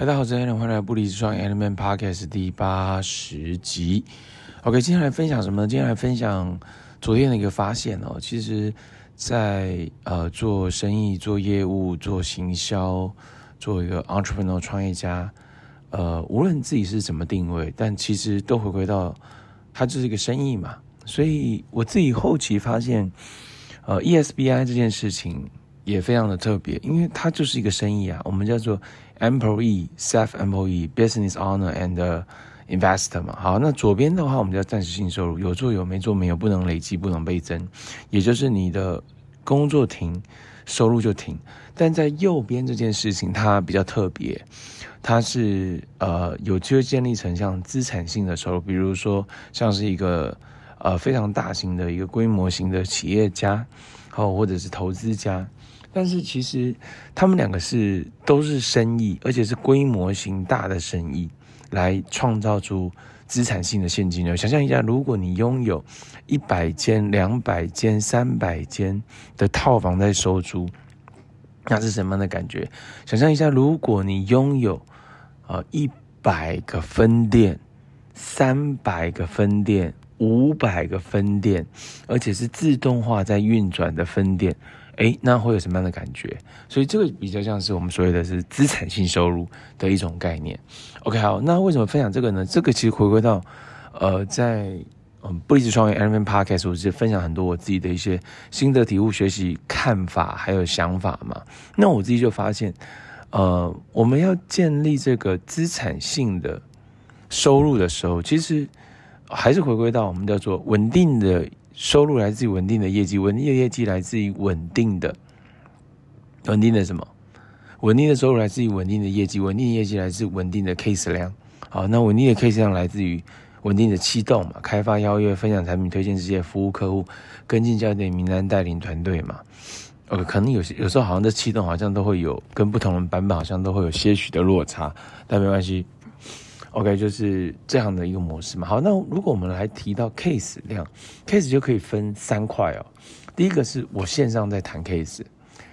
大家好，我是 Allen，歡迎來《不離職創業》Element Podcast 第八十集。OK，今天來分享什麼呢？今天來分享昨天的一個發現哦。其實在，在呃做生意、做業務、做行銷、做一個 Entrepreneur 創業家，呃，無論自己是怎麼定位，但其實都回歸到它就是一個生意嘛。所以我自己後期發現，呃，ESBI 這件事情。也非常的特別，因為它就是一個生意啊，我們叫做 employee, self employee, business owner and investor 嘛。好，那左邊的話，我們叫暫時性收入，有做有沒做沒有，不能累積，不能倍增，也就是你的工作停，收入就停。但在右邊這件事情，它比較特別，它是呃有機會建立成像資產性的收入，比如說像是一個呃非常大型的一個規模型的企業家，哦或者是投資家。但是其實，他們兩個是都是生意，而且是規模型大的生意，來創造出資產性的現金流。想象一下，如果你擁有一百間、兩百間、三百間的套房在收租，那是什麼樣的感覺？想象一下，如果你擁有呃一百個分店、三百個分店、五百個分店，而且是自動化在運轉的分店。誒，那會有什麼樣的感覺？所以這個比較像是我們所謂的是資產性收入的一種概念。OK，好，那為什麼分享這個呢？這個其實回歸到，呃，在嗯不離職創業 Element Podcast，我是分享很多我自己的一些心得體悟、學習看法還有想法嘛。那我自己就發現，呃，我們要建立這個資產性的收入的時候，其實還是回歸到我們叫做穩定的。收入來自於穩定的業績，穩定的業績來自於穩定的，穩定的什麼？穩定的收入來自於穩定的業績，穩定業績來自穩定的 case 量。好，那穩定的 case 量來自於穩定的啟動嘛？開發、邀約、分享產品、推薦這些服務客戶、跟進焦點名單、帶領團隊嘛？呃，可能有些有時候好像這啟動好像都會有跟不同的版本好像都會有些許的落差，但沒關係。OK，就是這樣的一個模式嘛。好，那如果我們來提到 case 這樣，case 就可以分三塊哦。第一個是我線上在談 case，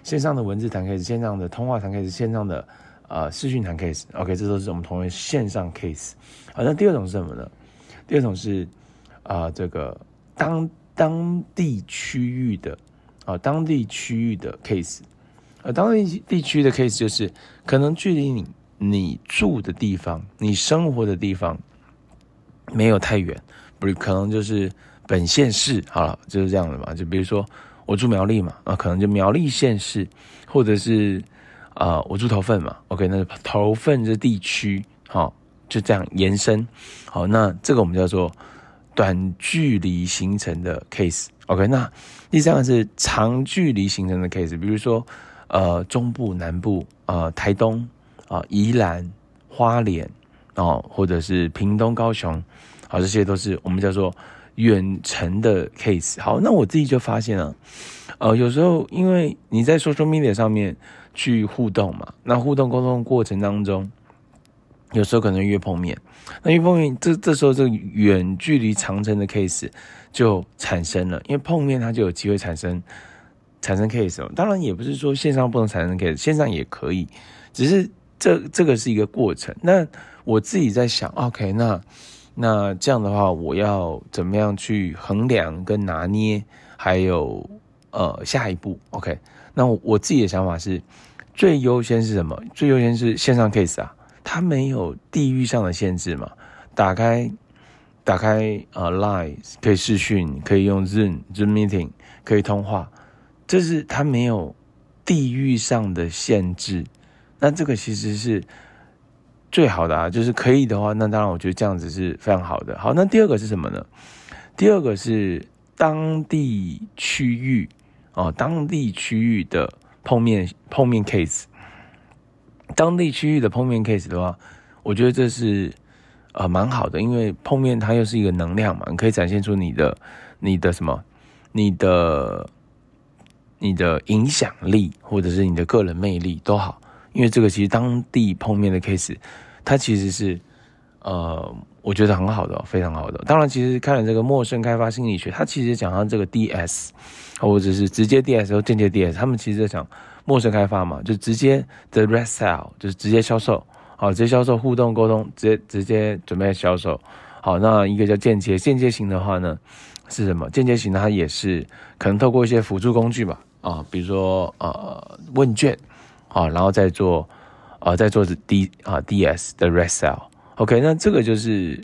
線上的文字談 case，線上的通話談 case，線上的、呃、視訊談 case。OK，這都是我們同為線上 case。好，那第二種是什麼呢？第二種是啊、呃，這個當當地區域的啊，當地區域的 case，啊、呃、當地地區的 case 就是可能距離你。你住的地方，你生活的地方，沒有太遠，不可能就是本縣市好了，就是這樣的嘛。就比如說我住苗栗嘛，啊，可能就苗栗縣市，或者是啊、呃，我住頭份嘛，OK，那頭份這地區，好就這樣延伸。好，那這個我們叫做短距離形成的 case。OK，那第三個是長距離形成的 case，比如說呃中部、南部啊、呃、台東，啊，宜蘭、花蓮，啊、哦，或者是屏東、高雄，好、哦，這些都是我們叫做遠程的 case。好，那我自己就發現啊，呃，有時候因為你在 social media 上面去互動嘛，那互動溝通過程當中，有時候可能越碰面，那越碰面，這這時候這個遠距離長程的 case 就產生了，因為碰面它就有機會產生產生 case。當然，也不是說線上不能產生 case，線上也可以，只是。這這個是一個過程。那我自己在想，OK，那那這樣的話，我要怎麼樣去衡量跟拿捏？還有呃，下一步，OK，那我，我自己的想法是，最優先是什麼？最優先是線上 case 啊，它沒有地域上的限制嘛。打開打開啊、呃、Line 可以視訊，可以用 zoom zoom meeting 可以通話，這是它沒有地域上的限制。那這個其實是最好的啊，就是可以的話，那當然我覺得這樣子是非常好的。好，那第二個是什麼呢？第二個是當地區域啊、哦，當地區域的碰面碰面 case，當地區域的碰面 case 的話，我覺得這是呃蠻好的，因為碰面它又是一個能量嘛，你可以展現出你的你的什麼，你的你的影響力，或者是你的個人魅力都好。因為這個其實當地碰面的 case，它其實是，呃，我覺得很好的，非常好的。當然，其實看了這個陌生開發心理學，它其實講到這個 DS，或者是直接 DS 和間接 DS，他們其實講陌生開發嘛，就直接 the r e t a e l 就是直接銷售，好，直接銷售互動溝通，直接直接準備銷售。好，那一個叫間接，間接型的話呢，是什麼？間接型它也是可能透過一些輔助工具吧，啊，比如說呃、啊、問卷。啊，然後再做，啊、呃，再做 D 啊 D S 的 r e s e l o k 那這個就是，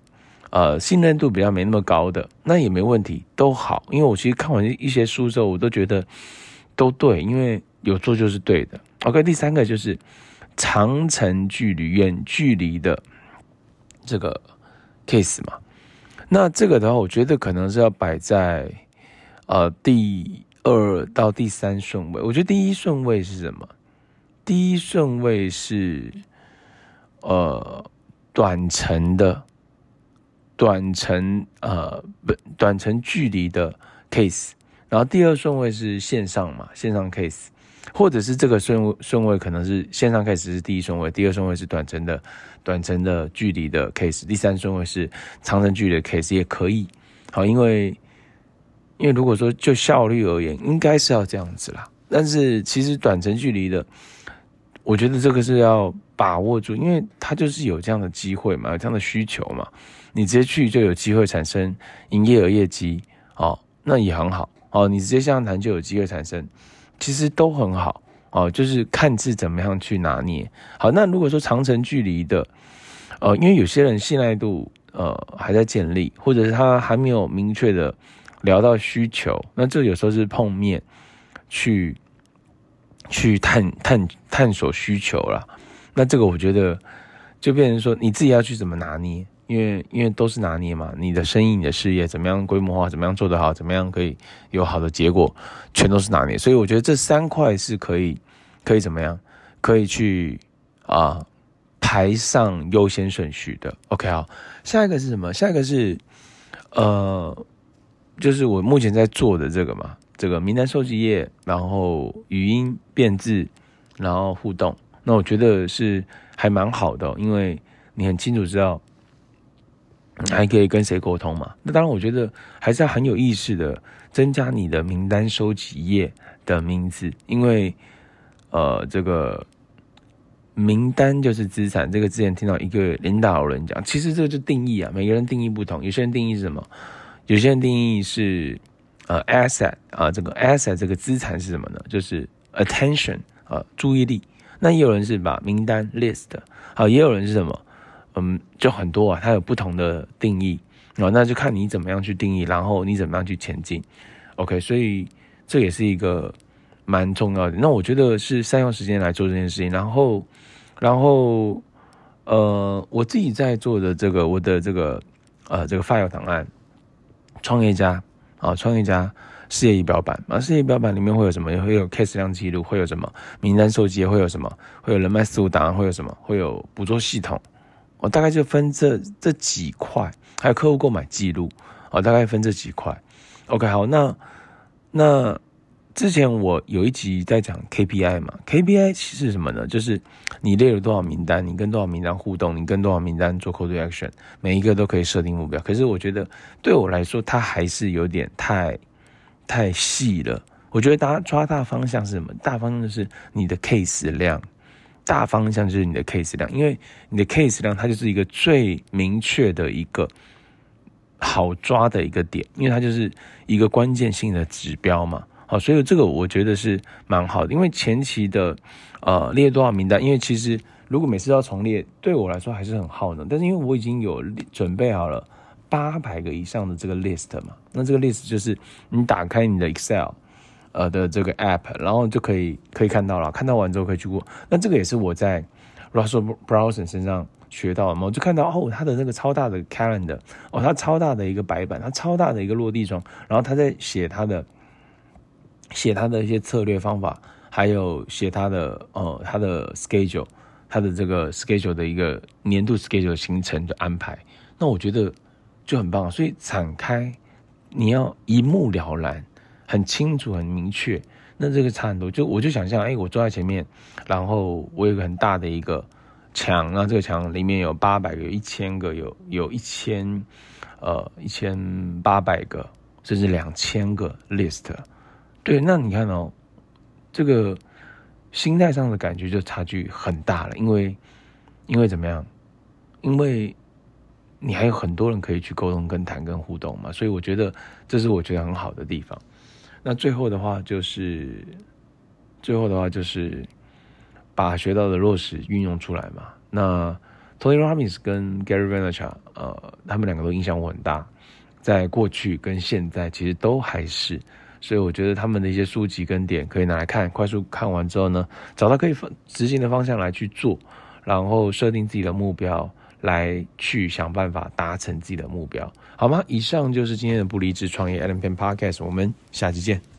呃，信任度比較沒那麼高的，那也沒問題，都好。因為我其實看完一些書之後，我都覺得都對，因為有做就是對的。OK，第三個就是長城距離、遠距離的這個 case 嘛，那這個的話，我覺得可能是要擺在呃第二到第三順位。我覺得第一順位是什麼？第一順位是，呃，短程的，短程呃不短程距離的 case。然後第二順位是線上嘛，線上 case，或者是這個順位順位可能是線上 case 是第一順位，第二順位是短程的短程的距離的 case，第三順位是長程距離的 case 也可以。好，因為因為如果說就效率而言，應該是要這樣子啦。但是其實短程距離的。我覺得這個是要把握住，因為他就是有這樣的機會嘛，有這樣的需求嘛，你直接去就有機會產生營業額業績，哦，那也很好哦，你直接線上談就有機會產生，其實都很好哦，就是看自己怎麼樣去拿捏。好，那如果說長程距離的，呃，因為有些人信賴度呃還在建立，或者是他還沒有明確的聊到需求，那這有時候是碰面去。去探探探索需求了，那這個我覺得就變成說你自己要去怎麼拿捏，因為因為都是拿捏嘛，你的生意、你的事業怎麼樣規模化，怎麼樣做得好，怎麼樣可以有好的結果，全都是拿捏。所以我覺得這三塊是可以可以怎麼樣，可以去啊、呃、排上優先順序的。OK 啊，下一個是什麼？下一個是呃，就是我目前在做的這個嘛。這個名單收集頁，然後語音變字，然後互動，那我覺得是還蠻好的，因為你很清楚知道還可以跟誰溝通嘛。那當然，我覺得還是要很有意識的增加你的名單收集頁的名字，因為呃，這個名單就是資產。這個之前聽到一個領導人講，其實這個就是定義啊，每個人定義不同，有些人定義是什麼？有些人定義是。呃，asset 啊，這個 asset 這個資產是什麼呢？就是 attention 啊，注意力。那也有人是把名單 list 的，好，也有人是什麼？嗯，就很多啊，它有不同的定義啊。那就看你怎麼樣去定義，然後你怎麼樣去前進。OK，所以這也是一個蠻重要的。那我覺得是善用時間來做這件事情。然後，然後，呃，我自己在做的這個，我的這個呃，這個 file 檔案，創業家。啊，創業家事業儀表板啊，事業儀表板裡面會有什麼？會有 case 量記錄，會有什麼名單收集？會有什麼？會有人脈事務檔案，會有什麼？會有捕捉系統，我大概就分這這幾塊，還有客戶購買記錄，哦，大概分這幾塊。OK，好，那那。之前我有一集在講 KPI 嘛，KPI 其實是什麼呢？就是你列了多少名單，你跟多少名單互動，你跟多少名單做 cold action，每一個都可以設定目標。可是我覺得對我來說，它還是有點太太細了。我覺得大家抓大方向是什麼？大方向就是你的 case 量，大方向就是你的 case 量，因為你的 case 量它就是一個最明確的一個好抓的一個點，因為它就是一個關鍵性的指標嘛。哦，所以這個我覺得是蠻好的，因為前期的，呃，列多少名單，因為其實如果每次要重列，對我來說還是很耗能。但是因為我已經有準備好了八百個以上的這個 list 嘛，那這個 list 就是你打開你的 Excel，呃的這個 app，然後就可以可以看到了，看到完之後可以去過。那這個也是我在 Russell Browson 身上學到的嘛，我就看到哦，他的那個超大的 calendar，哦，他超大的一個白板，他超大的一個落地窗，然後他在寫他的。寫他的一些策略方法，還有寫他的呃他的 schedule，他的這個 schedule 的一個年度 schedule 的行程的安排，那我覺得就很棒。所以展開你要一目了然，很清楚，很明確。那這個差很多，就我就想象，哎、欸，我坐在前面，然後我有一個很大的一個牆，那這個牆裡面有八百個，有一千個，有有一千，呃，一千八百個，甚至兩千個 list。對，那你看哦，這個心態上的感覺就差距很大了，因為因為怎麼樣？因為你還有很多人可以去溝通、跟談、跟互動嘛，所以我覺得這是我覺得很好的地方。那最後的話就是，最後的話就是把學到的落實運用出來嘛。那 Tony Robbins 跟 Gary Vaynerchuk 呃，他們兩個都影響我很大，在過去跟現在其實都還是。所以我覺得他們的一些書籍跟點可以拿來看，快速看完之後呢，找到可以方執行的方向來去做，然後設定自己的目標來去想辦法達成自己的目標，好嗎？以上就是今天的不離職創業 Allen Peng Podcast，我們下期見。